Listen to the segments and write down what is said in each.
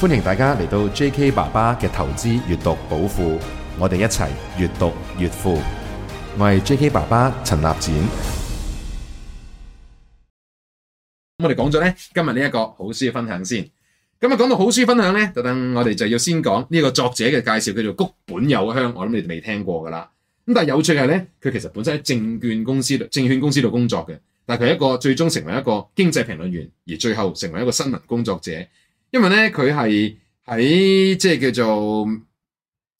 歡迎大家嚟到 J.K. 爸爸嘅投資閱讀寶庫，我哋一起閱讀越富。我係 J.K. 爸爸陳立展。我哋講咗呢今日呢一個好書嘅分享先。咁啊，講到好書分享咧，就等我哋就要先講呢個作者嘅介紹，叫做谷本有香。我諗你哋未聽過㗎喇，但係有趣嘅係咧，佢其實本身喺證券公司、證券公司度工作嘅，但係佢一個最終成為一個經濟評論員，而最後成為一個新聞工作者。因為咧，佢係喺即係叫做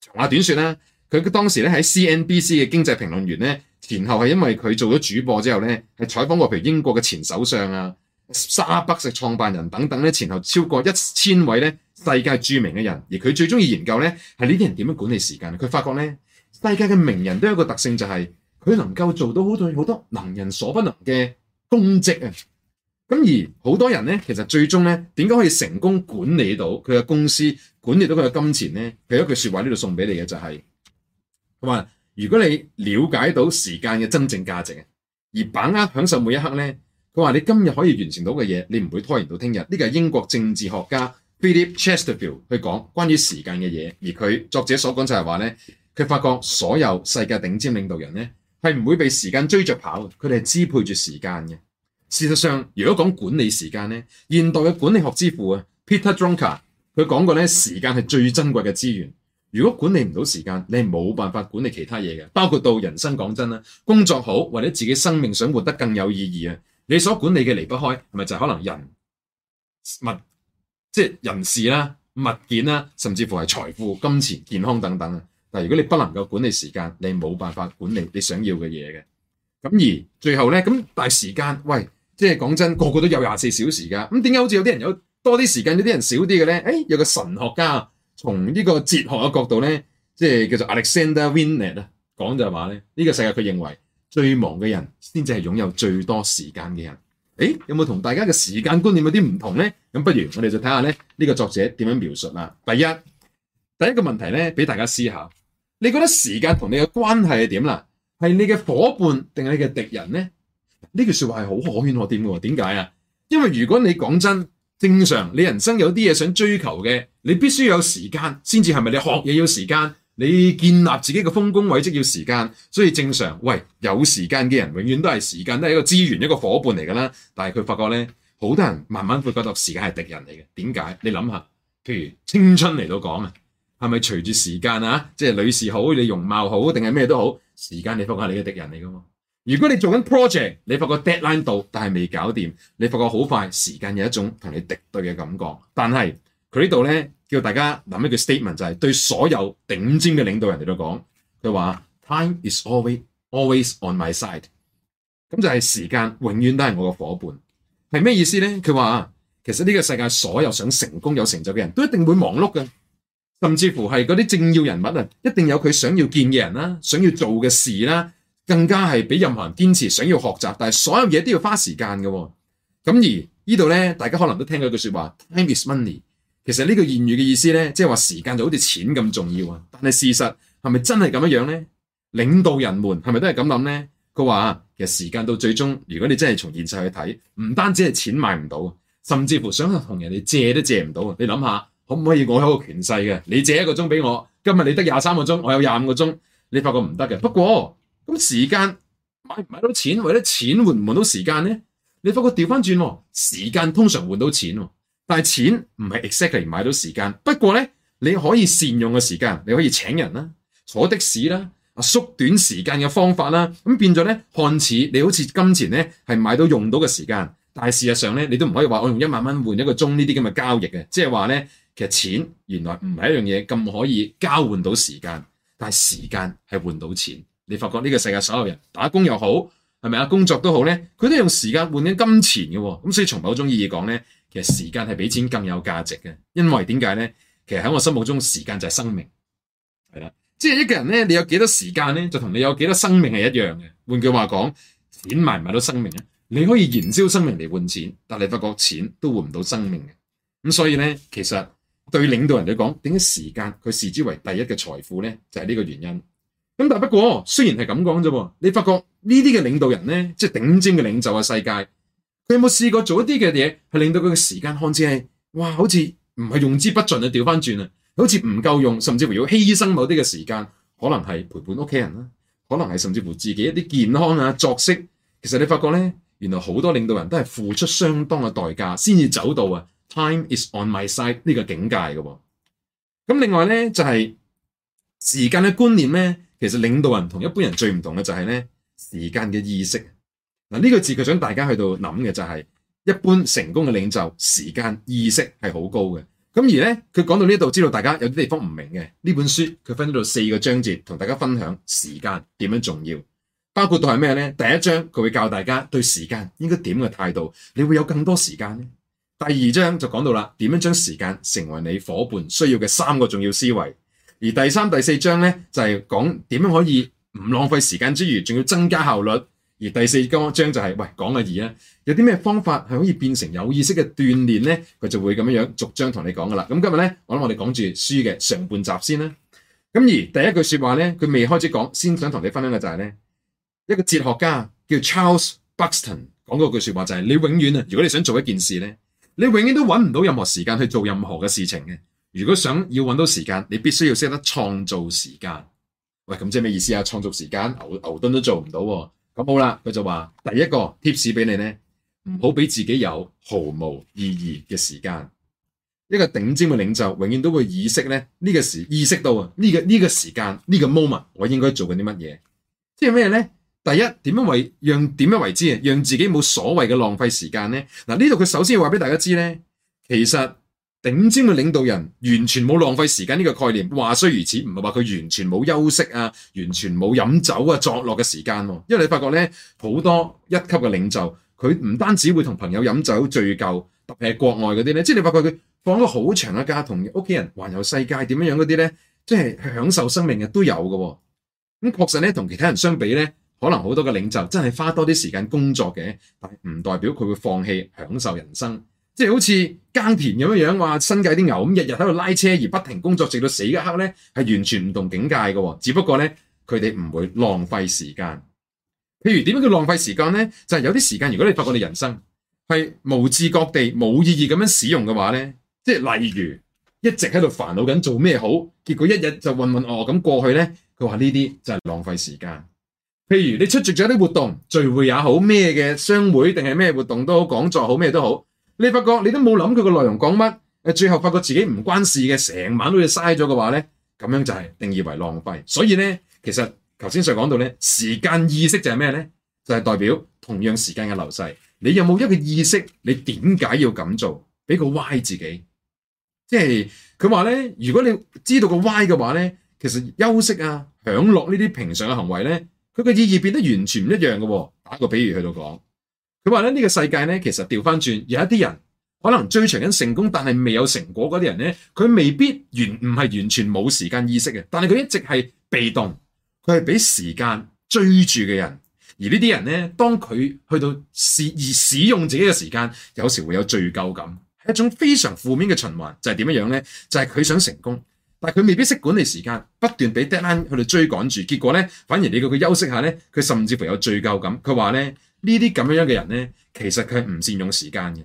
長話短說啦。佢當時咧喺 CNBC 嘅經濟評論員咧，前後係因為佢做咗主播之後咧，係採訪過譬如英國嘅前首相啊、沙北石創辦人等等咧，前後超過一千位咧世界著名嘅人。而佢最中意研究咧係呢啲人點樣管理時間。佢發覺咧，世界嘅名人都有一個特性，就係，就係佢能夠做到好多好多能人所不能嘅功績啊！咁而好多人咧，其實最終咧，點解可以成功管理到佢嘅公司，管理到佢嘅金錢咧？佢有一句說話呢度送俾你嘅就係，佢話如果你了解到時間嘅真正價值啊，而把握享受每一刻咧，佢話你今日可以完成到嘅嘢，你唔會拖延到聽日。呢個係英國政治學家 Philip Chesterfield 去講關於時間嘅嘢，而佢作者所講就係話咧，佢發覺所有世界頂尖領導人咧，係唔會被時間追着跑，佢哋係支配住時間嘅。事實上，如果講管理時間咧，現代嘅管理學之父啊，Peter Drucker 佢講過咧，時間係最珍貴嘅資源。如果管理唔到時間，你係冇辦法管理其他嘢嘅，包括到人生。講真啦，工作好或者自己生命想活得更有意義啊，你所管理嘅離不開，係咪就係、可能人物即係人事啦、物件啦，甚至乎係財富、金錢、健康等等啊。但如果你不能夠管理時間，你冇辦法管理你想要嘅嘢嘅。咁而最後咧，咁但係時間，喂～即係講真，個個都有廿四小時噶，咁點解好似有啲人有多啲時間，有啲人少啲嘅咧？誒，有個神學家從呢個哲學嘅角度咧，即係叫做 Alexander Winnett 講就係話咧，呢個世界佢認為最忙嘅人先至係擁有最多時間嘅人。誒，有冇同大家嘅時間觀念有啲唔同咧？咁不如我哋就睇下咧，呢個作者點樣描述啊？第一，第一個問題咧，俾大家思考，你覺得時間同你嘅關係係點啦？係你嘅伙伴定係你嘅敵人咧？呢句說話係好可圈可點嘅，點解啊？因為如果你講真，正常你人生有啲嘢想追求嘅，你必須有時間先至係咪？是是你學嘢要時間，你建立自己嘅豐功偉績要時間，所以正常喂，有時間嘅人永遠都係時間都係一個資源一個伙伴嚟噶啦。但係佢發覺呢，好多人慢慢會覺得時間係敵人嚟嘅。點解？你諗下，譬如青春嚟到講啊，係咪隨住時間啊，即係女士好，你容貌好定係咩都好，時間你發覺係你嘅敵人嚟嘛。如果你做緊 project，你發覺 deadline 到，但係未搞掂，你發覺好快時間有一種同你敵對嘅感覺。但係佢呢度呢，叫大家諗一句 statement，就係對所有頂尖嘅領導人嚟講，佢話 time is always always on my side。咁就係時間永遠都係我嘅伙伴，係咩意思呢？佢話其實呢個世界所有想成功有成就嘅人都一定會忙碌嘅，甚至乎係嗰啲政要人物啊，一定有佢想要見嘅人啦，想要做嘅事啦。更加係俾任何人堅持想要學習，但係所有嘢都要花時間嘅哦。咁而呢度呢，大家可能都聽過一句説話：time is money。其實呢句言語嘅意思呢，即係話時間就好似錢咁重要啊。但係事實係咪真係咁樣樣呢？領導人們係咪都係咁諗呢？佢話其實時間到最終，如果你真係從現實去睇，唔單止係錢買唔到，甚至乎想同人哋借都借唔到。你諗下，可唔可以我有個權勢嘅，你借一個鐘俾我？今日你得廿三個鐘，我有廿五個鐘，你發覺唔得嘅。不過，咁時間買唔買到錢，或者錢換唔換到時間咧？你發覺調翻轉喎，時間通常換到錢喎，但係錢唔係 exactly 買到時間。不過咧，你可以善用嘅時間，你可以請人啦，坐的士啦，縮短時間嘅方法啦，咁變咗咧，看似你好似金錢咧係買到用到嘅時間，但係事實上咧，你都唔可以話我用一萬蚊換一個鐘呢啲咁嘅交易嘅，即係話咧，其實錢原來唔係一樣嘢咁可以交換到時間，但係時間係換到錢。你發覺呢個世界所有人打工又好，係咪啊？工作都好咧，佢都用時間換緊金錢嘅喎。咁所以從某種意義講咧，其實時間係比錢更有價值嘅。因為點解咧？其實喺我心目中，時間就係生命，係啦。即係一個人咧，你有幾多時間咧，就同你有幾多生命係一樣嘅。換句話講，錢買唔買到生命咧？你可以燃燒生命嚟換錢，但你發覺錢都換唔到生命嘅。咁所以咧，其實對領導人嚟講，點解時間佢視之為第一嘅財富咧？就係呢個原因。咁但不過，雖然係咁講啫，你發覺呢啲嘅領導人呢，即係頂尖嘅領袖嘅世界，佢有冇試過做一啲嘅嘢，係令到佢嘅時間看似係，哇，好似唔係用之不盡啊，調翻轉啊，好似唔夠用，甚至乎要犧牲某啲嘅時間，可能係陪伴屋企人啦，可能係甚至乎自己一啲健康啊作息。其實你發覺呢，原來好多領導人都係付出相當嘅代價，先至走到啊，Time is on my side 呢個境界嘅。咁另外呢，就係時間嘅觀念呢。其實領導人同一般人最唔同嘅就係呢，時間嘅意識。嗱、這、呢個字佢想大家去到諗嘅就係一般成功嘅領袖時間意識係好高嘅。咁而呢，佢講到呢裏度，知道大家有啲地方唔明嘅呢本書佢分到四個章節同大家分享時間點樣重要，包括到係咩呢？第一章佢會教大家對時間應該點嘅態度，你會有更多時間呢。第二章就講到啦，點樣將時間成為你夥伴需要嘅三個重要思維。而第三、第四章咧就係講點樣可以唔浪費時間之餘，仲要增加效率。而第四嗰章就係喂講嘅二啦，有啲咩方法係可以變成有意識嘅鍛煉咧？佢就會咁樣樣逐章同你講噶啦。咁今日咧，我諗我哋講住書嘅上半集先啦。咁而第一句說話咧，佢未開始講，先想同你分享嘅就係咧，一個哲學家叫 Charles Buxton 講嗰句說話就係：你永遠啊，如果你想做一件事咧，你永遠都揾唔到任何時間去做任何嘅事情嘅。如果想要揾到時間，你必須要識得創造時間。喂，咁即係咩意思啊？創造時間，牛牛頓都做唔到。咁好啦，佢就話：第一個貼士俾你咧，唔好俾、嗯、自己有毫無意義嘅時間。一個頂尖嘅領袖，永遠都會意識咧呢個時意識到啊呢個呢個時間呢個 moment，我應該做緊啲乜嘢？即係咩咧？第一點樣為讓點樣為之啊？讓自己冇所謂嘅浪費時間咧。嗱，呢度佢首先要話俾大家知咧，其實。頂尖嘅領導人完全冇浪費時間呢個概念。話雖如此，唔係話佢完全冇休息啊，完全冇飲酒啊、作樂嘅時間啊。因為你發覺呢，好多一級嘅領袖，佢唔單止會同朋友飲酒聚舊，特別係國外嗰啲呢。即係你發覺佢放咗好長一假，同屋企人環遊世界，點樣樣嗰啲呢？即係享受生命嘅都有嘅啊。咁確實呢，同其他人相比呢，可能好多嘅領袖真係花多啲時間工作嘅，但係唔代表佢會放棄享受人生。即係好似耕田咁樣樣，話新界啲牛咁，日日喺度拉車而不停工作，直到死一刻咧，係完全唔同境界嘅、哦。只不過咧，佢哋唔會浪費時間。譬如點樣叫浪費時間咧？就係、是、有啲時間，如果你發覺你人生係無自覺地冇意義咁樣使用嘅話咧，即係例如一直喺度煩惱緊做咩好，結果一日就混混噩噩咁、哦、過去咧。佢話呢啲就係浪費時間。譬如你出席咗啲活動、聚會也好，咩嘅商會定係咩活動都好，講座好咩都好。你發覺你都冇諗佢個內容講乜，誒，最後發覺自己唔關事嘅，成晚都要嘥咗嘅話咧，咁樣就係定義為浪費。所以咧，其實頭先上講到咧，時間意識就係咩咧？就係、是、代表同樣時間嘅流逝。你有冇一個意識？你點解要咁做？俾個 Y 自己，即係佢話咧，如果你知道個 Y 嘅話咧，其實休息啊、享樂呢啲平常嘅行為咧，佢嘅意義變得完全唔一樣嘅。打個比喻去到講。佢話咧，呢個世界咧，其實調翻轉，有一啲人可能追求緊成功，但係未有成果嗰啲人咧，佢未必完，唔係完全冇時間意識嘅。但係佢一直係被動，佢係俾時間追住嘅人。而呢啲人咧，當佢去到使而使用自己嘅時間，有時候會有罪疚感，係一種非常負面嘅循環。就係點樣樣咧？就係佢想成功，但係佢未必識管理時間，不斷俾 deadline 去度追趕住，結果咧反而你叫佢休息下咧，佢甚至乎有罪疚感。佢話咧。呢啲咁樣嘅人呢，其實佢係唔善用時間嘅，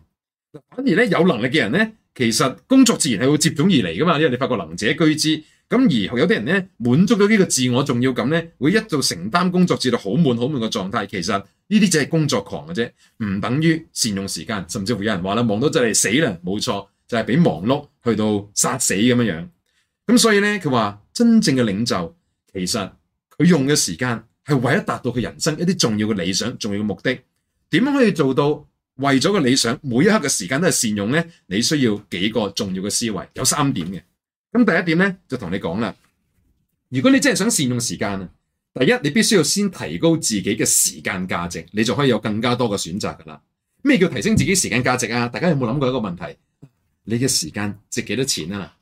反而咧有能力嘅人呢，其實工作自然係會接踵而嚟噶嘛。因為你發覺能者居之，咁而有啲人呢，滿足咗呢個自我重要感呢，會一度承擔工作至到好悶好悶嘅狀態，其實呢啲就係工作狂嘅啫，唔等於善用時間，甚至乎有人話啦，忙到真係死啦，冇錯就係，是，俾忙碌去到殺死咁樣樣。咁所以呢，佢話真正嘅領袖，其實佢用嘅時間。係為咗達到佢人生一啲重要嘅理想，重要嘅目的。點樣可以做到為咗個理想每一刻嘅時間都係善用呢？你需要幾個重要嘅思維，有三點嘅。咁第一點呢，就同你講啦，如果你真係想善用時間，第一，你必須要先提高自己嘅時間價值，你就可以有更加多嘅選擇㗎啦。咩叫提升自己時間價值啊？大家有冇諗過一個問題？你嘅時間值幾多錢啊？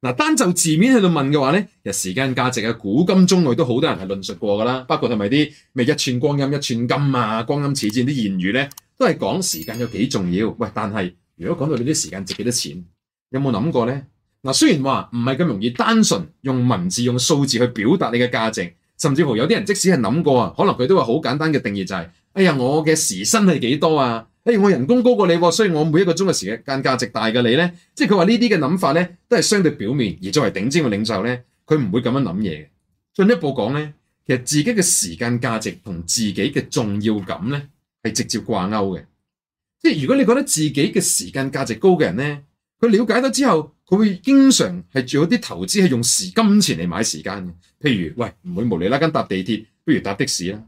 嗱，單就字面喺度問嘅話咧，呢時間價值啊，古今中外都好多人係論述過㗎啦。包括係咪啲咩一寸光陰一寸金啊，光陰似箭啲諺語呢都係講時間有幾重要。喂，但係如果講到你啲時間值幾多錢，有冇諗過呢？嗱，雖然話唔係咁容易，單純用文字用數字去表達你嘅價值，甚至乎有啲人即使係諗過啊，可能佢都會好簡單嘅定義就係、是。哎呀，我嘅時薪係幾多啊？哎，我人工高過你，所以我每一個鐘嘅時間價值大過你呢。即係佢話呢啲嘅諗法呢都係相對表面。而作為頂尖嘅領袖呢，佢唔會咁樣諗嘢。進一步講呢，其實自己嘅時間價值同自己嘅重要感呢係直接掛鈎嘅。即係如果你覺得自己嘅時間價值高嘅人呢，佢了解到之後，佢會經常係做一啲投資，係用時金錢嚟買時間嘅。譬如喂，唔會無理啦，跟搭地鐵，不如搭的士啦。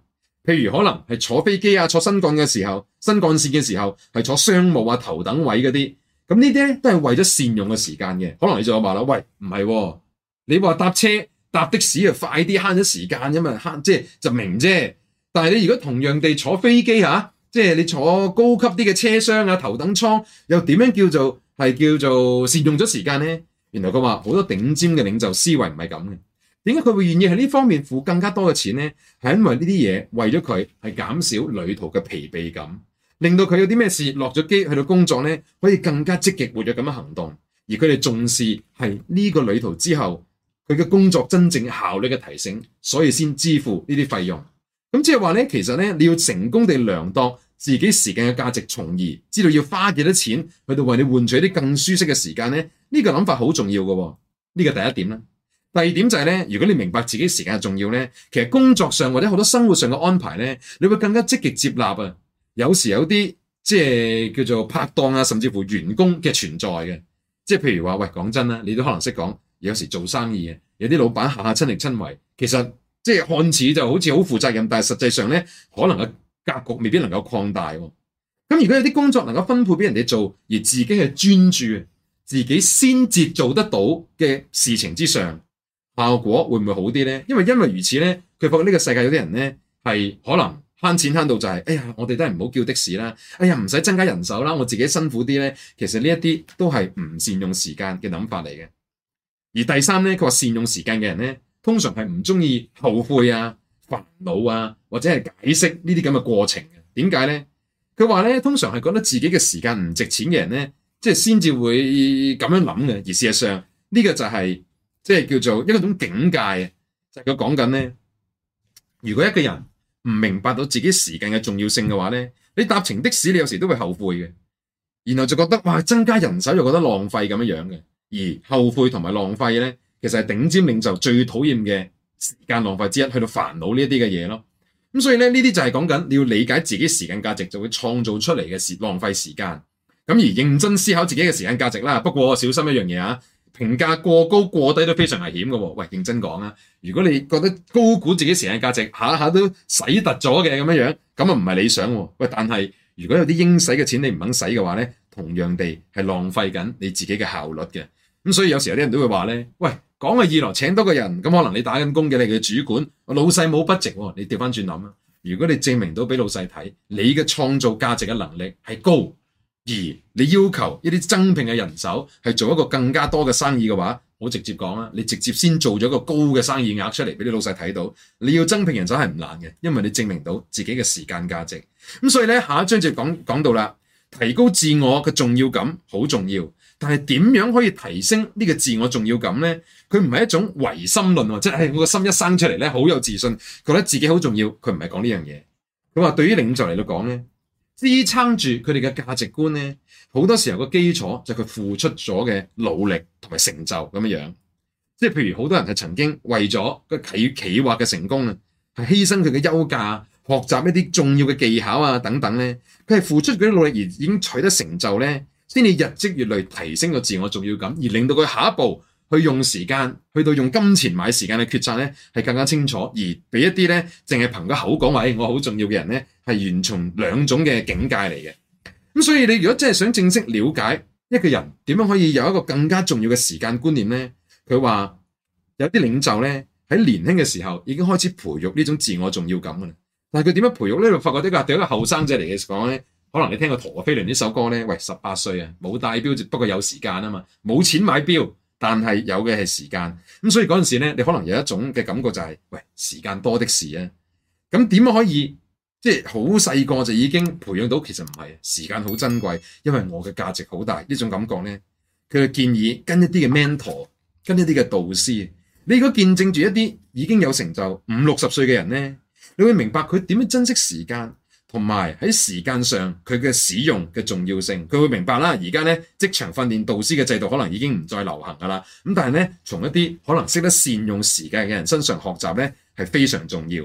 譬如可能係坐飛機啊，坐新幹嘅時候，新幹線嘅時候係坐商務啊頭等位嗰啲，咁呢啲咧都係為咗善用嘅時間嘅。可能你就話啦，喂，唔係喎，你話搭車搭的士啊快啲慳咗時間咁嘛，慳，即係就明啫。但係你如果同樣地坐飛機嚇，即係你坐高級啲嘅車廂啊頭等艙，又點樣叫做係叫做善用咗時間咧？原來佢話好多頂尖嘅領袖思維唔係咁嘅。點解佢會願意喺呢方面付更加多嘅錢呢？係因為呢啲嘢為咗佢係減少旅途嘅疲憊感，令到佢有啲咩事落咗機去到工作呢，可以更加積極活躍咁樣行動。而佢哋重視係呢個旅途之後佢嘅工作真正效率嘅提升，所以先支付呢啲費用。咁即係話呢，其實呢，你要成功地量度自己時間嘅價值，從而知道要花幾多錢去到為你換取啲更舒適嘅時間呢。呢、呢個諗法好重要嘅。呢個第一點。第二點就係咧，如果你明白自己時間係重要咧，其實工作上或者好多生活上嘅安排咧，你會更加積極接納啊。有時有啲即係叫做拍檔啊，甚至乎員工嘅存在嘅，即係譬如話喂，講真啦，你都可能識講，有時做生意啊，有啲老闆下下親力親為，其實即係看似就好似好負責任，但係實際上咧，可能嘅格局未必能夠擴大。咁如果有啲工作能夠分配俾人哋做，而自己係專注自己先至做得到嘅事情之上。效果會唔會好啲呢？因為因為如此呢，佢覺得呢個世界有啲人呢，係可能慳錢慳到就係：「哎呀，我哋都係唔好叫的士啦，哎呀，唔使增加人手啦，我自己辛苦啲呢。」其實呢一啲都係唔善用時間嘅諗法嚟嘅。而第三呢，佢話善用時間嘅人呢，通常係唔中意後悔啊、煩惱啊，或者係解釋呢啲咁嘅過程。點解呢？佢話呢，通常係覺得自己嘅時間唔值錢嘅人呢，即係先至會咁樣諗嘅。而事實上呢個就係……即係叫做一個種境界，就係佢講緊咧。如果一個人唔明白到自己時間嘅重要性嘅話咧，你搭乘的士你有時都會後悔嘅，然後就覺得哇，增加人手又覺得浪費咁樣樣嘅，而後悔同埋浪費咧，其實係頂尖領袖最討厭嘅時間浪費之一，去到煩惱呢一啲嘅嘢咯。咁所以咧，呢啲就係講緊你要理解自己時間價值就會創造出嚟嘅時浪費時間。咁而認真思考自己嘅時間價值啦。不過小心一樣嘢啊。評價過高過低都非常危險嘅喎，喂，認真講啊，如果你覺得高估自己時間價值，下下都使突咗嘅咁樣，咁啊唔係理想喎，哦。喂，但係如果有啲應使嘅錢你唔肯使嘅話咧，同樣地係浪費緊你自己嘅效率嘅。咁所以有時候啲人都會話咧，喂，講係二來請多個人，咁可能你打緊工嘅你嘅主管老細冇不值，你調翻轉諗啊，如果你證明到俾老細睇你嘅創造價值嘅能力係高。而你要求一啲增聘嘅人手係做一個更加多嘅生意嘅話，好直接講啦，你直接先做咗一個高嘅生意額出嚟俾啲老細睇到，你要增聘人手係唔難嘅，因為你證明到自己嘅時間價值。咁所以咧，下一章就講講到啦，提高自我嘅重要感好重要，但係點樣可以提升呢個自我重要感呢？佢唔係一種唯心論喎，即係我個心一生出嚟咧，好有自信，覺得自己好重要，佢唔係講呢樣嘢。佢話對於領袖嚟到講呢。支撐住佢哋嘅價值觀咧，好多時候個基礎就係佢付出咗嘅努力同埋成就咁樣樣，即係譬如好多人係曾經為咗個企企劃嘅成功啊，係犧牲佢嘅休假、學習一啲重要嘅技巧啊等等咧，佢係付出佢啲努力而已經取得成就咧，先至日積月累提升個自我重要感，而令到佢下一步。去用時間，去到用金錢買時間嘅決策咧，係更加清楚，而俾一啲咧，淨係憑個口講，喂，我好重要嘅人咧，係完全兩種嘅境界嚟嘅。咁所以你如果真係想正式了解一個人點樣可以有一個更加重要嘅時間觀念咧，佢話有啲領袖咧喺年輕嘅時候已經開始培育呢種自我重要感嘅啦。但係佢點樣培育呢？就發覺對一個後生仔嚟嘅講咧，可能你聽過陀飛輪呢首歌咧，喂，十八歲啊，冇戴錶，不過有時間啊嘛，冇錢買錶。但係有嘅係時間，咁所以嗰陣時咧，你可能有一種嘅感覺就係、是，喂，時間多的是啊，咁點樣可以即係好細個就已經培養到？其實唔係，時間好珍貴，因為我嘅價值好大呢種感覺咧。佢嘅建議跟一啲嘅 mentor，跟一啲嘅導師，你如果見證住一啲已經有成就五六十歲嘅人咧，你會明白佢點樣珍惜時間。同埋喺時間上佢嘅使用嘅重要性，佢會明白啦。而家呢，職場訓練導師嘅制度可能已經唔再流行噶啦，咁但係呢，從一啲可能識得善用時間嘅人身上學習呢，係非常重要。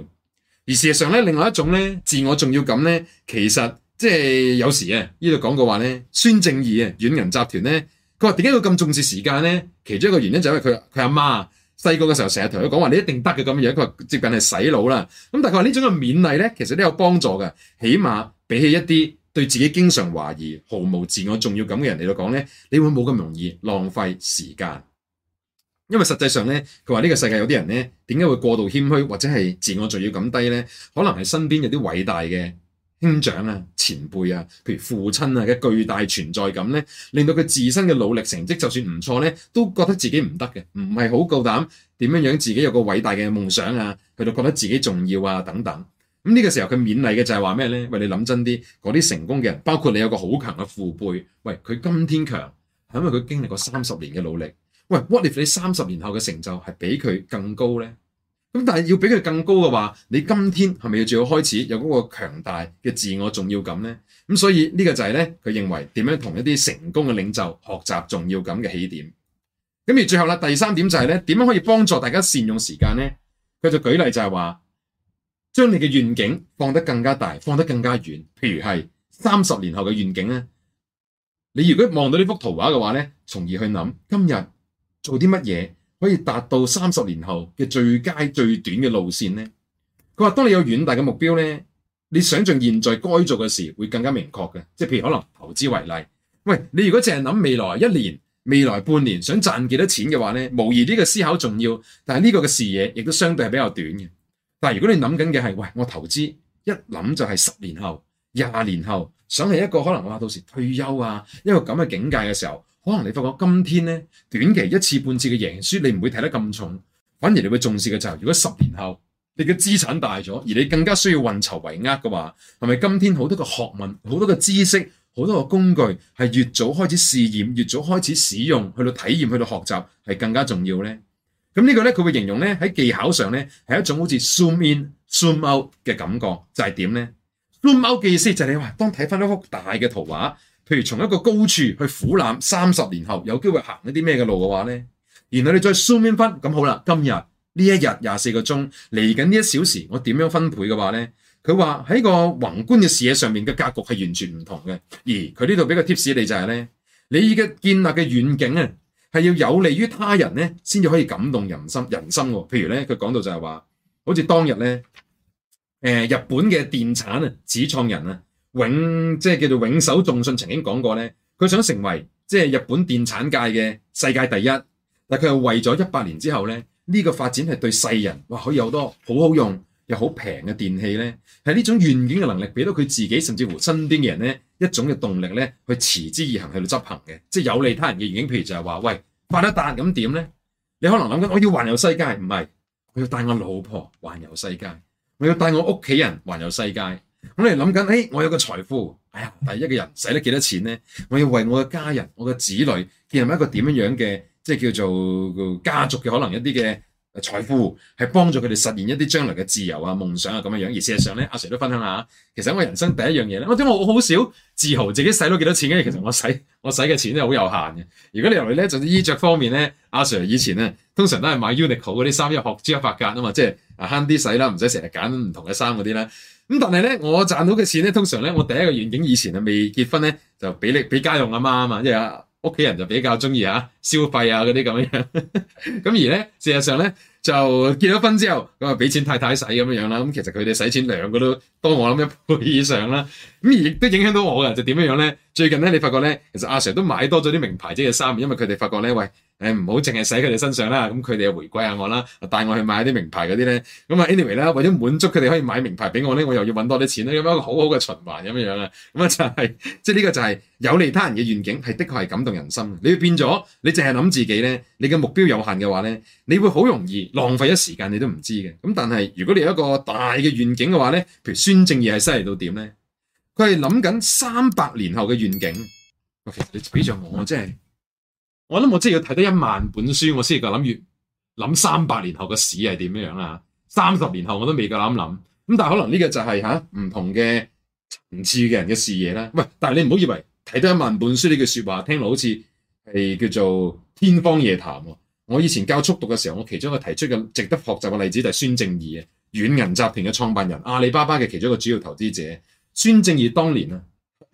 而事實上呢，另外一種呢自我重要感呢，其實即係、就是、有時啊，呢度講過話呢，孫正義啊軟銀集團呢，佢話點解佢咁重視時間呢？其中一個原因就係佢佢阿媽。細個嘅時候成日同佢講話你一定得嘅，咁樣，佢話接近係洗腦啦。咁但係佢話呢種嘅勉勵咧，其實都有幫助嘅。起碼比起一啲對自己經常懷疑、毫無自我重要感嘅人嚟到講咧，你會冇咁容易浪費時間。因為實際上咧，佢話呢個世界有啲人咧，點解會過度謙虛或者係自我重要感低咧？可能係身邊有啲偉大嘅。兄長啊、前輩啊，譬如父親啊嘅巨大存在感呢，令到佢自身嘅努力成績就算唔錯呢，都覺得自己唔得嘅，唔係好夠膽點樣樣自己有個偉大嘅夢想啊，佢就覺得自己重要啊等等。咁呢個時候佢勉勵嘅就係話咩呢？喂，你諗真啲，嗰啲成功嘅人，包括你有個好強嘅父輩，喂，佢今天強係因為佢經歷過三十年嘅努力。喂，what if 你三十年後嘅成就係比佢更高呢？咁但係要比佢更高嘅話，你今天係咪要最好開始有嗰個強大嘅自我重要感呢？咁所以呢個就係咧，佢認為點樣同一啲成功嘅領袖學習重要感嘅起點。咁而最後啦，第三點就係咧，點樣可以幫助大家善用時間呢？佢就舉例就係話，將你嘅願景放得更加大，放得更加遠。譬如係三十年後嘅願景咧，你如果望到呢幅圖畫嘅話咧，從而去諗今日做啲乜嘢。可以達到三十年後嘅最佳最短嘅路線呢。佢話，當你有遠大嘅目標呢，你想象現在該做嘅事會更加明確嘅。即係譬如可能投資為例，喂，你如果淨係諗未來一年、未來半年想賺幾多錢嘅話呢，無疑呢個思考重要，但係呢個嘅視野亦都相對係比較短嘅。但係如果你諗緊嘅係，喂，我投資一諗就係十年後、廿年後，想係一個可能我話到時退休啊，一個咁嘅境界嘅時候。可能你發覺今天咧，短期一次半次嘅贏輸，你唔會睇得咁重，反而你會重視嘅就係，如果十年後你嘅資產大咗，而你更加需要運籌帷幄嘅話，係咪今天好多嘅學問、好多嘅知識、好多嘅工具係越早開始試驗、越早開始使用去到體驗、去到學習係更加重要咧？咁呢個咧佢會形容咧喺技巧上咧係一種好似 zoom in zoom out 嘅感覺，就係點咧？zoom out 嘅意思就係、是、你話當睇翻一幅大嘅圖畫。譬如從一個高處去俯瞰，三十年後有機會行一啲咩嘅路嘅話咧，然後你再 zoom in 翻，咁好啦，今日呢一日廿四個鐘嚟緊呢一小時，我點樣分配嘅話咧，佢話喺個宏觀嘅視野上面嘅格局係完全唔同嘅，而佢呢度俾個 tips 你就係、是、咧，你嘅建立嘅遠景啊，係要有利於他人咧，先至可以感動人心，人心喎、哦。譬如咧，佢講到就係話，好似當日咧，誒、呃，日本嘅電產啊，始創人啊。永即係叫做永守重信曾經講過咧，佢想成為即係日本電產界嘅世界第一，但佢又為咗一百年之後咧呢、呢個發展係對世人哇可以有好多好好用又好平嘅電器咧，係呢種願景嘅能力俾到佢自己甚至乎身邊嘅人咧一種嘅動力咧去持之以恆、去執行嘅，即係有利他人嘅願景。譬如就係話，喂發得達咁點咧？你可能諗緊我要環遊世界，唔係我要帶我老婆環遊世界，我要帶我屋企人環遊世界。咁你哋諗緊？哎、欸，我有個財富，哎呀，第一個人使得幾多錢咧？我要為我嘅家人、我嘅子女建立一個點樣樣嘅，即係叫做家族嘅可能一啲嘅財富，係幫助佢哋實現一啲將來嘅自由啊、夢想啊咁樣樣。而事實上咧，阿 Sir 都分享一下，其實我人生第一樣嘢咧，我因為我好少自豪自己使咗幾多錢嘅，其實我使我使嘅錢咧好有限嘅。如果你由嚟咧，就衣着方面咧，阿 Sir 以前咧通常都係買 Uniqlo 嗰啲衫，一為學超一格價啊嘛，即係慳啲使啦，唔使成日揀唔同嘅衫嗰啲咧。咁但係咧，我賺到嘅錢咧，通常咧，我第一個願景以前啊未結婚咧，就俾你俾家用阿媽啊嘛，即係屋企人就比較中意啊消費啊嗰啲咁樣。咁 而咧，事實上咧，就結咗婚之後咁啊，俾錢太太使咁樣樣啦。咁其實佢哋使錢兩個都多我諗一倍以上啦。咁而亦都影響到我嘅，就點樣樣咧？最近咧，你發覺咧，其實阿 sir 都買多咗啲名牌即嘅衫，因為佢哋發覺咧，喂。誒，唔好淨係使佢哋身上啦，咁佢哋又回歸下我啦，帶我去買啲名牌嗰啲咧。咁啊，Anyway 啦，為咗滿足佢哋可以買名牌俾我咧，我又要搵多啲錢啦，咁一個好好嘅循環咁樣樣啊。咁啊、就是，就係即係呢個就係有利他人嘅願景，係的確係感動人心。你要變咗，你淨係諗自己咧，你嘅目標有限嘅話咧，你會好容易浪費咗時間，你都唔知嘅。咁但係如果你有一個大嘅願景嘅話咧，譬如孫正義係犀利到點咧，佢係諗緊三百年後嘅願景。OK，你睇住我，即係。係。我諗我真係要睇多一萬本書，我先至夠諗住諗三百年後嘅事係點樣樣啊！三十年後我都未夠膽諗，咁但係可能呢個就係吓唔同嘅層次嘅人嘅視野啦。喂，但係你唔好以為睇多一萬本書呢句說話聽落好似係、欸、叫做天方夜譚喎。我以前教速讀嘅時候，我其中一個提出嘅值得學習嘅例子就係、是、孫正義啊，軟銀集團嘅創辦人，阿里巴巴嘅其中一個主要投資者孫正義當年啊。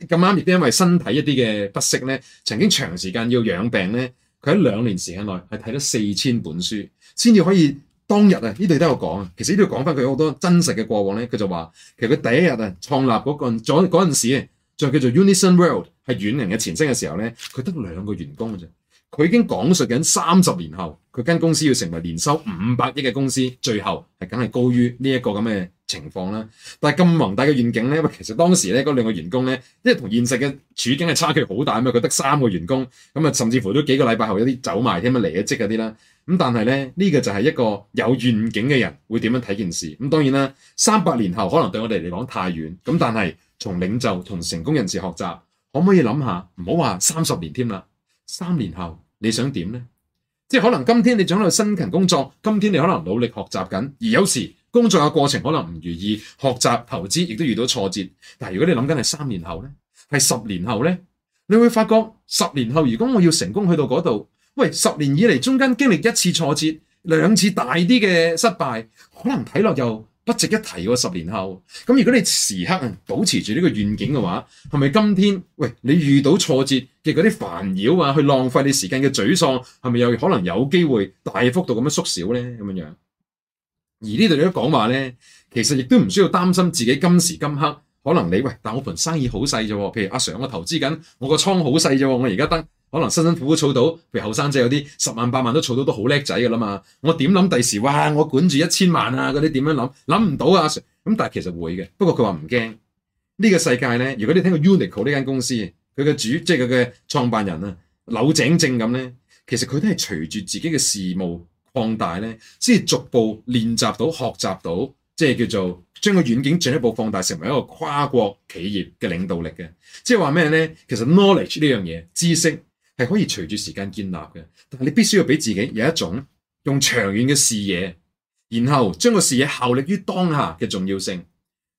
咁啱亦都因為身體一啲嘅不適咧，曾經長時間要養病咧，佢喺兩年時間內係睇咗四千本書，先至可以當日啊！呢度都有講啊。其實呢度講翻佢好多真實嘅過往咧，佢就話其實佢第一日啊、那個，創立嗰個在嗰陣時，就叫做 Unison World 係遠人嘅前身嘅時候咧，佢得兩個員工嘅啫。佢已經講述緊三十年後，佢間公司要成為年收五百億嘅公司，最後係梗係高於呢一個咁嘅。情況啦，但係咁宏大嘅願景呢，因為其實當時呢嗰兩個員工呢，因為同現實嘅處境係差距好大啊嘛，佢得三個員工，咁啊，甚至乎都幾個禮拜後有啲走埋添啊，離咗職嗰啲啦。咁但係呢，呢個就係一個有願景嘅人會點樣睇件事。咁當然啦，三百年後可能對我哋嚟講太遠。咁但係從領袖同成功人士學習，可唔可以諗下？唔好話三十年添啦，三年後你想點呢？即係可能今天你仲喺度辛勤工作，今天你可能努力學習緊，而有時。工作嘅過程可能唔如意，學習投資亦都遇到挫折。但係如果你諗緊係三年後呢，係十年後呢，你會發覺十年後如果我要成功去到嗰度，喂，十年以嚟中間經歷一次挫折，兩次大啲嘅失敗，可能睇落又不值一提喎。十年後，咁如果你時刻保持住呢個願景嘅話，係咪今天喂你遇到挫折嘅嗰啲煩擾啊，去浪費你時間嘅沮喪，係咪又可能有機會大幅度咁樣縮小呢？咁樣。而呢度你都講話呢，其實亦都唔需要擔心自己今時今刻可能你喂，但我盤生意好細啫。譬如阿常，我投資緊，我個倉好細啫。我而家得可能辛辛苦苦儲到，譬如後生仔有啲十萬八萬都儲到都好叻仔噶啦嘛。我點諗第時哇？我管住一千萬啊嗰啲點樣諗？諗唔到啊！阿常咁，但係其實會嘅。不過佢話唔驚呢個世界呢，如果你聽過 Uniqlo 呢間公司，佢嘅主即係佢嘅創辦人啊，柳井正咁呢，其實佢都係隨住自己嘅事務。放大咧，先逐步練習到、學習到，即係叫做將個遠景進一步放大，成為一個跨國企業嘅領導力嘅。即係話咩咧？其實 knowledge 呢樣嘢，知識係可以隨住時間建立嘅，但係你必須要俾自己有一種用長遠嘅視野，然後將個視野效力於當下嘅重要性。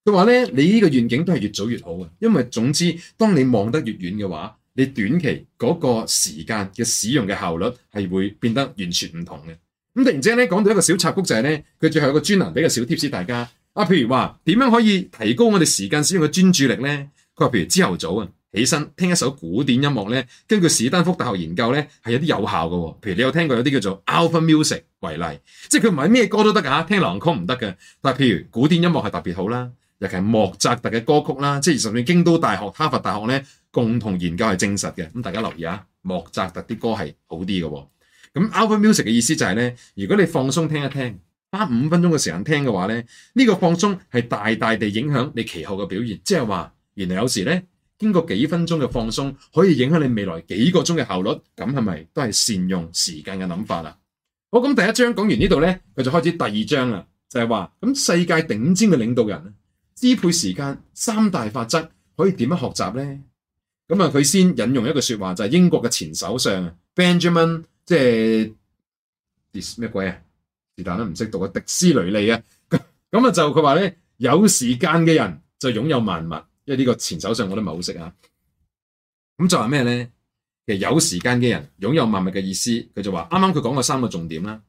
佢話咧，你呢個遠景都係越早越好嘅，因為總之，當你望得越遠嘅話，你短期嗰個時間嘅使用嘅效率係會變得完全唔同嘅。咁突然之間咧，講到一個小插曲就係咧，佢最後有個專欄俾個小 tips 大家啊，譬如話點樣可以提高我哋時間使用嘅專注力咧？佢話譬如之後早朝頭早啊，起身聽一首古典音樂咧，根據史丹福大學研究咧係有啲有效嘅。譬如你有聽過有啲叫做 Alpha Music 為例，即係佢唔係咩歌都得㗎，聽流行曲唔得嘅。但係譬如古典音樂係特別好啦，尤其係莫扎特嘅歌曲啦，即係甚至京都大學、哈佛大學咧共同研究係證實嘅。咁大家留意啊下，莫扎特啲歌係好啲嘅。咁 alber music 嘅意思就係咧，如果你放鬆聽一聽，花五分鐘嘅時間聽嘅話咧，呢個放鬆係大大地影響你其後嘅表現，即係話，原來有時咧經過幾分鐘嘅放鬆，可以影響你未來幾個鐘嘅效率。咁係咪都係善用時間嘅諗法啦？好，咁第一章講完呢度咧，佢就開始第二章啦，就係話咁世界頂尖嘅領導人咧支配時間三大法則可以點樣學習咧？咁啊，佢先引用一句說話就係英國嘅前首相 Benjamin 即係迪斯咩鬼啊？是但啦，唔識讀啊！迪斯雷利啊，咁 啊就佢話咧，有時間嘅人就擁有萬物，因為呢個前手上我都唔係好識啊。咁就係咩咧？其實有時間嘅人擁有萬物嘅意思，佢就話啱啱佢講過三個重點啦。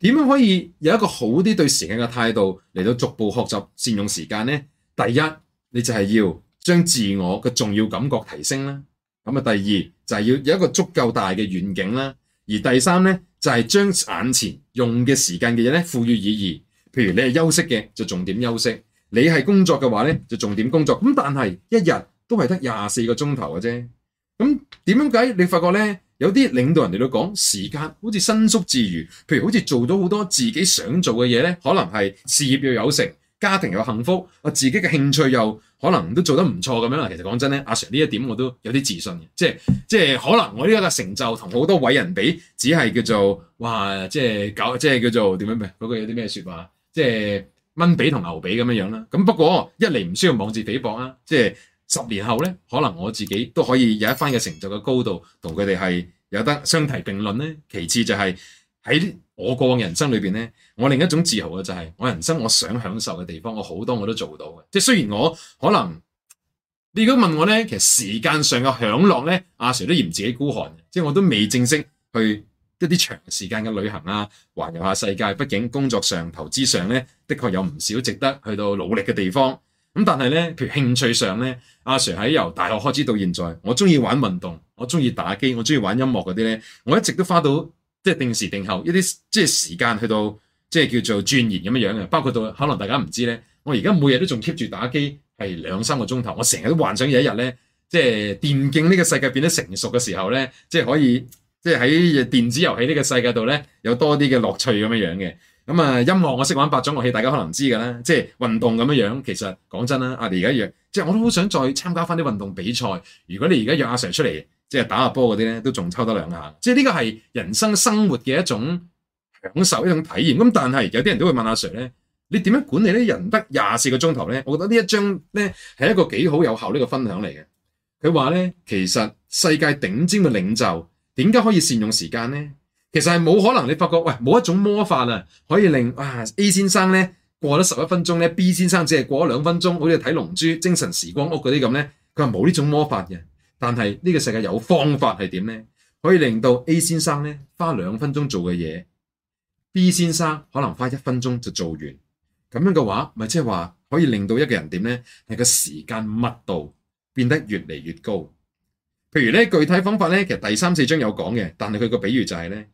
點樣可以有一個好啲對時間嘅態度嚟到逐步學習善用時間咧？第一，你就係要將自我嘅重要感覺提升啦。咁啊，第二就係、是、要有一個足夠大嘅遠景啦。而第三呢，就係、是、將眼前用嘅時間嘅嘢呢賦予意義。譬如你係休息嘅，就重點休息；你係工作嘅話呢，就重點工作。咁但係一日都係得廿四個鐘頭嘅啫。咁點樣解？你發覺呢，有啲領導人哋都講時間好似伸縮自如。譬如好似做到好多自己想做嘅嘢呢，可能係事業要有成，家庭又幸福，自己嘅興趣又。可能都做得唔錯咁樣啦。其實講真咧，阿 Sir 呢一點我都有啲自信嘅，即係即係可能我呢一個成就同好多偉人比，只係叫做話即係搞即係叫做點樣咩嗰個有啲咩說話，即係蚊比同牛比咁樣樣啦。咁不過一嚟唔需要妄自菲薄啊，即係十年後咧，可能我自己都可以有一番嘅成就嘅高度同佢哋係有得相提並論咧。其次就係、是、喺我個人生裏面咧。我另一種自豪嘅就係我人生我想享受嘅地方，我好多我都做到嘅。即係雖然我可能你如果問我呢，其實時間上嘅享樂呢，阿 Sir 都嫌自己孤寒，即係我都未正式去一啲長時間嘅旅行啊，環遊下世界。畢竟工作上、投資上呢，的確有唔少值得去到努力嘅地方。咁但係呢，譬如興趣上呢，阿 Sir 喺由大學開始到現在，我中意玩運動，我中意打機，我中意玩音樂嗰啲呢，我一直都花到即係定時定候一啲即係時間去到即係叫做鑽研咁樣嘅，包括到可能大家唔知咧，我而家每日都仲 keep 住打機，係兩三個鐘頭，我成日都幻想有一日咧，即係電競呢個世界變得成熟嘅時候咧，即係可以即係喺電子遊戲呢個世界度咧有多啲嘅樂趣咁樣嘅。咁啊，音樂我識玩八種樂器，大家可能知㗎啦。即係運動咁樣，其實講真啦，阿哋而家約，即係我都好想再參加翻啲運動比賽。如果你而家約阿 Sir 出嚟，即係打下波嗰啲咧，都仲抽得兩下。即係呢個係人生生活嘅一種。感受一種體驗咁，但係有啲人都會問阿 Sir 咧，你點樣管理啲人得廿四個鐘頭咧？我覺得呢一章咧係一個幾好有效呢個分享嚟嘅。佢話咧，其實世界頂尖嘅領袖點解可以善用時間咧？其實係冇可能。你發覺喂，冇一種魔法啊，可以令啊 A 先生咧過咗十一分鐘咧，B 先生只係過咗兩分鐘，好似睇龍珠精神時光屋嗰啲咁咧，佢話冇呢種魔法嘅。但係呢個世界有方法係點咧？可以令到 A 先生咧花兩分鐘做嘅嘢。B 先生可能花一分鐘就做完，咁樣嘅話，咪即係話可以令到一個人點呢？係個時間密度變得越嚟越高。譬如咧，具體方法咧，其實第三四章有講嘅，但係佢個比喻就係、是、咧，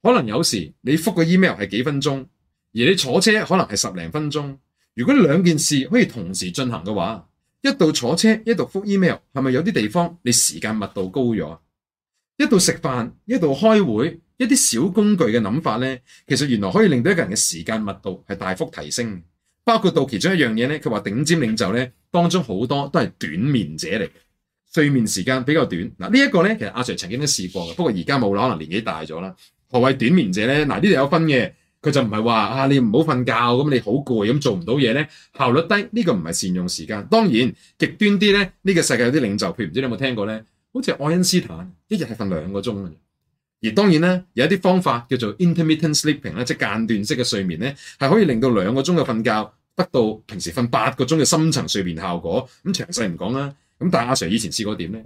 可能有時你覆個 email 係幾分鐘，而你坐車可能係十零分鐘。如果兩件事可以同時進行嘅話，一度坐車一度覆 email，係咪有啲地方你時間密度高咗？一度食飯一度開會。一啲小工具嘅諗法咧，其實原來可以令到一個人嘅時間密度係大幅提升，包括到其中一樣嘢咧。佢話頂尖領袖咧，當中好多都係短眠者嚟，睡眠時間比較短。嗱、這個、呢一個咧，其實阿 Sir 曾經都試過嘅，不過而家冇啦，可能年紀大咗啦。何謂短眠者咧？嗱，呢度有分嘅，佢就唔係話啊你唔好瞓覺咁，你好攰咁做唔到嘢咧，效率低呢、這個唔係善用時間。當然極端啲咧，呢、這個世界有啲領袖，譬如唔知你有冇聽過咧，好似愛因斯坦，一日係瞓兩個鐘嘅。而當然啦，有一啲方法叫做 intermittent sleeping 咧，即間斷式嘅睡眠呢，係可以令到兩個鐘嘅瞓覺得到平時瞓八個鐘嘅深層睡眠效果。咁詳細唔講啦。咁但阿 Sir 以前試過點呢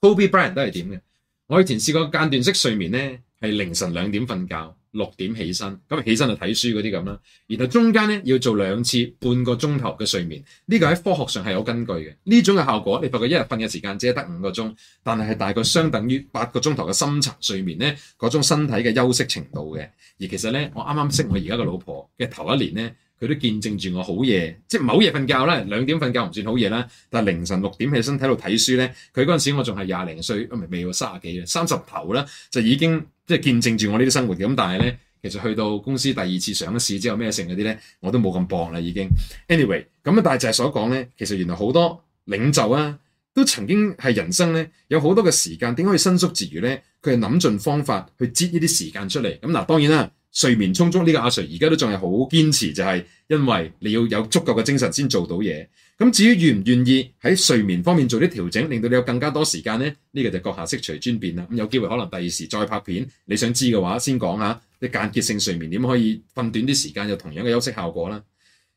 ？Kobe Bryant 都係點嘅？我以前試過間斷式睡眠呢，係凌晨兩點瞓覺。六點起身，咁起身就睇書嗰啲咁啦，然後中間咧要做兩次半個鐘頭嘅睡眠，呢個喺科學上係有根據嘅。呢種嘅效果，你發覺一日瞓嘅時間只係得五個鐘，但係係大概相等於八個鐘頭嘅深層睡眠咧，嗰種身體嘅休息程度嘅。而其實咧，我啱啱識我而家嘅老婆嘅頭一年咧。佢都見證住我好夜，即係某好夜瞓覺咧，兩點瞓覺唔算好夜啦。但凌晨六點起身喺度睇書咧，佢嗰陣時我仲係廿零歲，唔係未喎卅幾啦，三十頭啦就已經即係見證住我呢啲生活嘅。咁但係咧，其實去到公司第二次上市之後咩成嗰啲咧，我都冇咁棒啦已經。Anyway，咁啊，大係所講咧，其實原來好多領袖啊，都曾經係人生咧有好多嘅時間點可以伸縮自如咧，佢係諗盡方法去擠呢啲時間出嚟。咁嗱，當然啦。睡眠充足呢個阿 Sir 而家都仲係好堅持，就係因為你要有足夠嘅精神先做到嘢。咁至於願唔願意喺睡眠方面做啲調整，令到你有更加多時間呢？呢個就閣下悉隨尊便啦。咁有機會可能第二時再拍片，你想知嘅話先講下你間歇性睡眠點可以瞓短啲時間，有同樣嘅休息效果啦。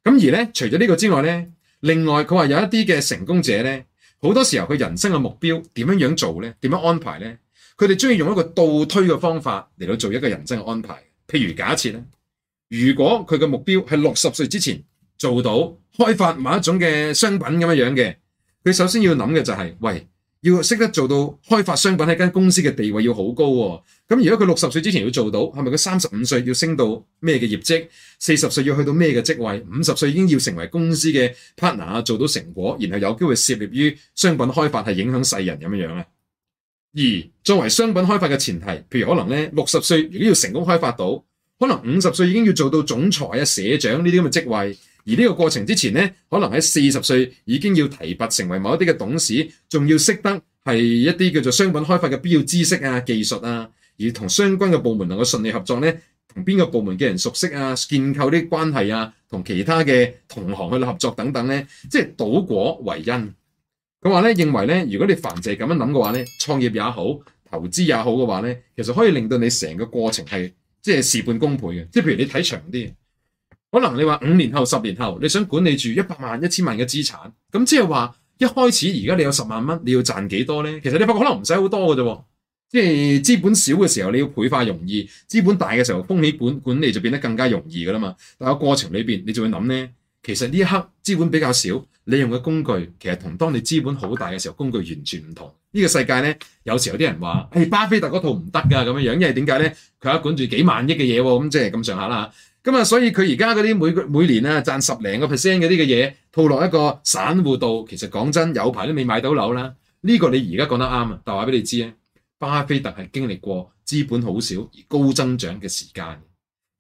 咁而呢，除咗呢個之外呢，另外佢話有一啲嘅成功者呢，好多時候佢人生嘅目標點樣樣做呢？點樣安排呢？佢哋中意用一個倒推嘅方法嚟到做一個人生嘅安排。譬如假設咧，如果佢嘅目標係六十歲之前做到開發某一種嘅商品咁樣樣嘅，佢首先要諗嘅就係，喂，要識得做到開發商品，喺間公司嘅地位要好高喎。咁如果佢六十歲之前要做到，係咪佢三十五歲要升到咩嘅業績？四十歲要去到咩嘅職位？五十歲已經要成為公司嘅 partner 啊，做到成果，然後有機會涉獵於商品開發，係影響世人咁樣樣咧？而作為商品開發嘅前提，譬如可能咧六十歲如果要成功開發到，可能五十歲已經要做到總裁啊、社長呢啲咁嘅職位。而呢個過程之前咧，可能喺四十歲已經要提拔成為某一啲嘅董事，仲要識得係一啲叫做商品開發嘅必要知識啊、技術啊，而同相關嘅部門能夠順利合作咧，同邊個部門嘅人熟悉啊，建構啲關係啊，同其他嘅同行去合作等等咧，即係倒果為因。咁話咧，認為咧，如果你凡係咁樣諗嘅話咧，創業也好，投資也好嘅話咧，其實可以令到你成個過程係即係事半功倍嘅。即係譬如你睇長啲，可能你話五年後、十年後，你想管理住一百萬、一千萬嘅資產，咁即係話一開始而家你有十萬蚊，你要賺幾多咧？其實你發覺可能唔使好多嘅啫，即係資本少嘅時候你要倍化容易，資本大嘅時候風險管管理就變得更加容易噶啦嘛。但係個過程裏面，你就會諗咧，其實呢一刻資本比較少。你用嘅工具其實同當你資本好大嘅時候工具完全唔同。呢個世界呢，有時有啲人話：，誒，巴菲特嗰套唔得㗎咁樣因為點解呢？佢係管住幾萬億嘅嘢喎，咁即係咁上下啦咁啊，所以佢而家嗰啲每每年啊賺十零個 percent 嗰啲嘅嘢套落一個散戶度，其實講真有排都未買到樓啦。呢個你而家講得啱啊，但話俾你知啊，巴菲特係經歷過資本好少而高增長嘅時間，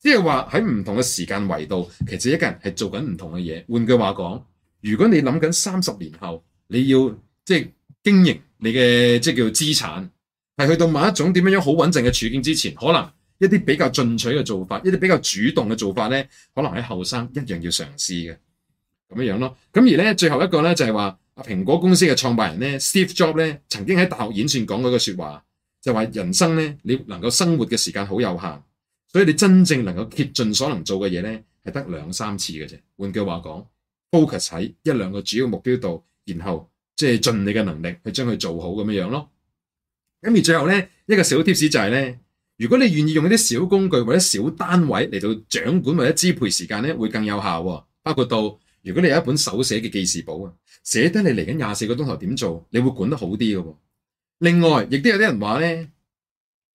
即係話喺唔同嘅時間維度，其實一個人係做緊唔同嘅嘢。換句話講。如果你諗緊三十年後你要即係經營你嘅即係叫資產，係去到某一種點樣好穩陣嘅處境之前，可能一啲比較進取嘅做法，一啲比較主動嘅做法咧，可能喺後生一樣要嘗試嘅咁樣樣咯。咁而咧，最後一個咧就係話，阿蘋果公司嘅創辦人咧，Steve Jobs 咧曾經喺大學演説講過個說話，就話人生咧你能夠生活嘅時間好有限，所以你真正能夠竭盡所能做嘅嘢咧係得兩三次嘅啫。換句話講。focus 喺一兩個主要目標度，然後即盡你嘅能力去將佢做好咁樣樣咯。咁而最後呢，一個小貼士就係呢：如果你願意用一啲小工具或者小單位嚟到掌管或者支配時間呢，會更有效。包括到如果你有一本手寫嘅記事簿啊，寫得你嚟緊廿四個鐘頭點做，你會管得好啲嘅。另外，亦都有啲人話呢。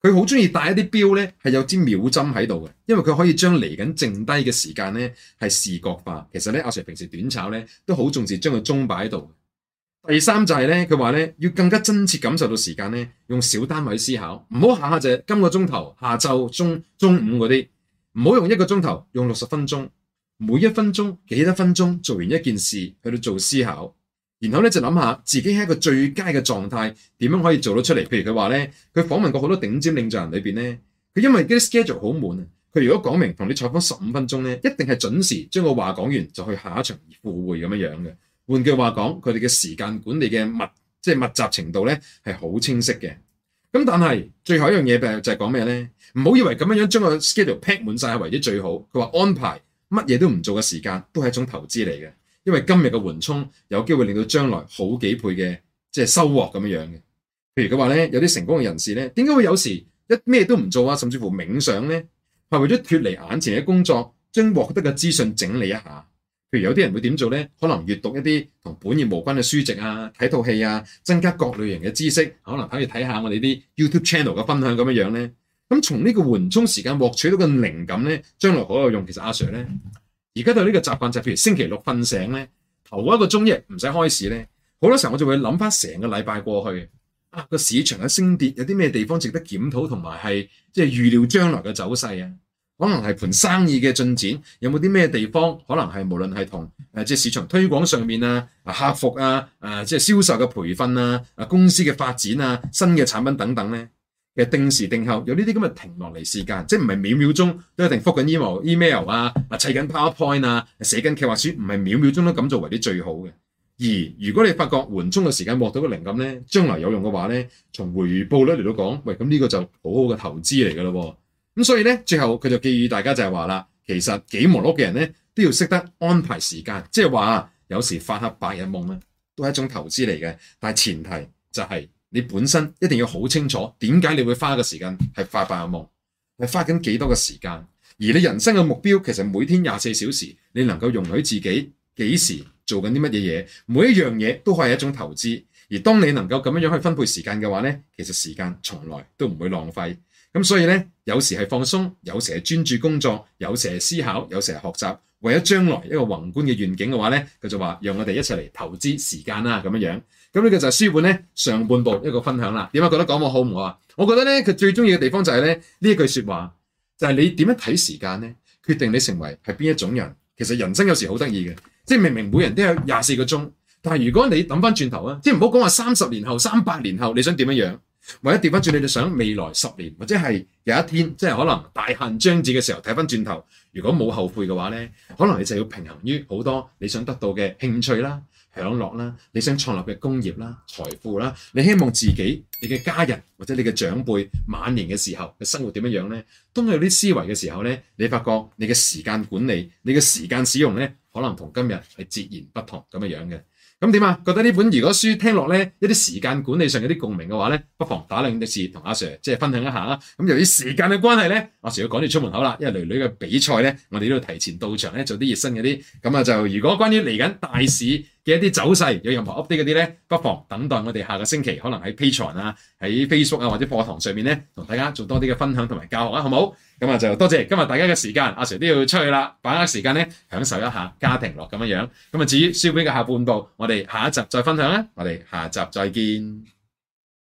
佢好中意戴一啲表咧，係有支秒針喺度嘅，因為佢可以將嚟緊剩低嘅時間咧係視覺化。其實咧，阿 Sir 平時短炒咧都好重視將個鐘擺喺度。第三就係咧，佢話咧要更加真切感受到時間咧，用小單位思考，唔好下下就今個鐘頭下晝中中午嗰啲，唔好用一個鐘頭，用六十分鐘，每一分鐘幾多分鐘做完一件事去到做思考。然後咧就諗下自己係一個最佳嘅狀態，點樣可以做到出嚟。譬如佢話咧，佢訪問過好多頂尖領袖人裏邊咧，佢因為啲 schedule 好滿啊。佢如果講明同你採訪十五分鐘咧，一定係準時將個話講完就去下一場赴會咁樣樣嘅。換句話講，佢哋嘅時間管理嘅密即係密集程度咧係好清晰嘅。咁但係最後一樣嘢就係講咩咧？唔好以為咁樣樣將個 schedule pack 滿晒係為之最好。佢話安排乜嘢都唔做嘅時間都係一種投資嚟嘅。因為今日嘅緩衝有機會令到將來好幾倍嘅即係收穫咁樣樣嘅。譬如佢話咧，有啲成功嘅人士咧，點解會有時一咩都唔做啊？甚至乎冥想咧，係為咗脱離眼前嘅工作，將獲得嘅資訊整理一下。譬如有啲人會點做咧？可能閱讀一啲同本業無關嘅書籍啊，睇套戲啊，增加各類型嘅知識。可能可以睇下我哋啲 YouTube channel 嘅分享咁樣樣咧。咁、嗯、從呢個緩衝時間獲取到嘅靈感咧，將來好有用。其實阿 Sir 咧。而家對呢個習慣就係，譬如星期六瞓醒咧，頭一個鐘一日唔使開市咧，好多時候我就會諗翻成個禮拜過去啊，個市場嘅升跌有啲咩地方值得檢討，同埋係即係預料將來嘅走勢啊，可能係盤生意嘅進展有冇啲咩地方，可能係無論係同誒即係市場推廣上面啊，啊客服啊，誒即係銷售嘅培訓啊，啊公司嘅發展啊，新嘅產品等等咧。嘅定時定候有呢啲咁嘅停落嚟時間，即係唔係秒秒鐘都一定覆緊 em email、email 啊、砌緊 powerpoint 啊、寫緊計劃書，唔係秒秒鐘都咁做為啲最好嘅。而如果你發覺緩衝嘅時間獲到個靈感呢，將來有用嘅話呢，從回報率嚟到講，喂，咁呢個就好好嘅投資嚟㗎咯。咁所以呢，最後佢就寄語大家就係話啦，其實幾忙碌嘅人呢，都要識得安排時間，即係話有時發黑白日夢呢都係一種投資嚟嘅，但前提就係、是。你本身一定要好清楚點解你會花個時間係發白日夢，係花緊幾多嘅時間，而你人生嘅目標，其實每天廿四小時，你能夠容許自己幾時做緊啲乜嘢嘢，每一樣嘢都係一種投資。而當你能夠咁樣樣去分配時間嘅話呢，其實時間從來都唔會浪費。咁所以呢，有時係放鬆，有時係專注工作，有時係思考，有時係學習，為咗將來一個宏觀嘅願景嘅話呢，佢就話讓我哋一齊嚟投資時間啦，咁樣樣。咁呢個就係書本咧上半部一個分享啦。點解覺得講我好唔好啊？我覺得咧佢最中意嘅地方就係咧呢一句說話，就係你點樣睇時間咧，決定你成為係邊一種人。其實人生有時好得意嘅，即係明明每人都有廿四個鐘，但係如果你諗翻轉頭啊，即係唔好講話三十年後、三百年後，你想點樣樣，或者掉翻轉你哋想未來十年，或者係有一天即係可能大限將至嘅時候睇翻轉頭，如果冇後悔嘅話咧，可能你就要平衡於好多你想得到嘅興趣啦。享樂啦，你想創立嘅工業啦、財富啦，你希望自己、你嘅家人或者你嘅長輩晚年嘅時候嘅生活點樣呢？咧？當有啲思維嘅時候呢，你發覺你嘅時間管理、你嘅時間使用呢，可能同今日係截然不同咁樣樣嘅。咁點啊？覺得呢本如果書聽落呢，一啲時間管理上有啲共鳴嘅話呢，不妨打兩隻字同阿 Sir 即係分享一下啦。咁由於時間嘅關係呢，阿 Sir 要趕住出門口啦，因為囡囡嘅比賽呢，我哋都要提前到場呢，做啲熱身嗰啲。咁啊就如果關於嚟緊大市，嘅一啲走勢，有任何 update 嗰啲咧，不妨等待我哋下個星期，可能喺 Patreon 啊、喺 Facebook 啊或者課堂上面咧，同大家做多啲嘅分享同埋教學啊，好唔好？咁啊就多謝今日大家嘅時間，阿 Sir 都要出去啦，把握時間咧，享受一下家庭樂，咁樣樣。咁啊至於書本嘅下半部，我哋下一集再分享啦，我哋下一集再見。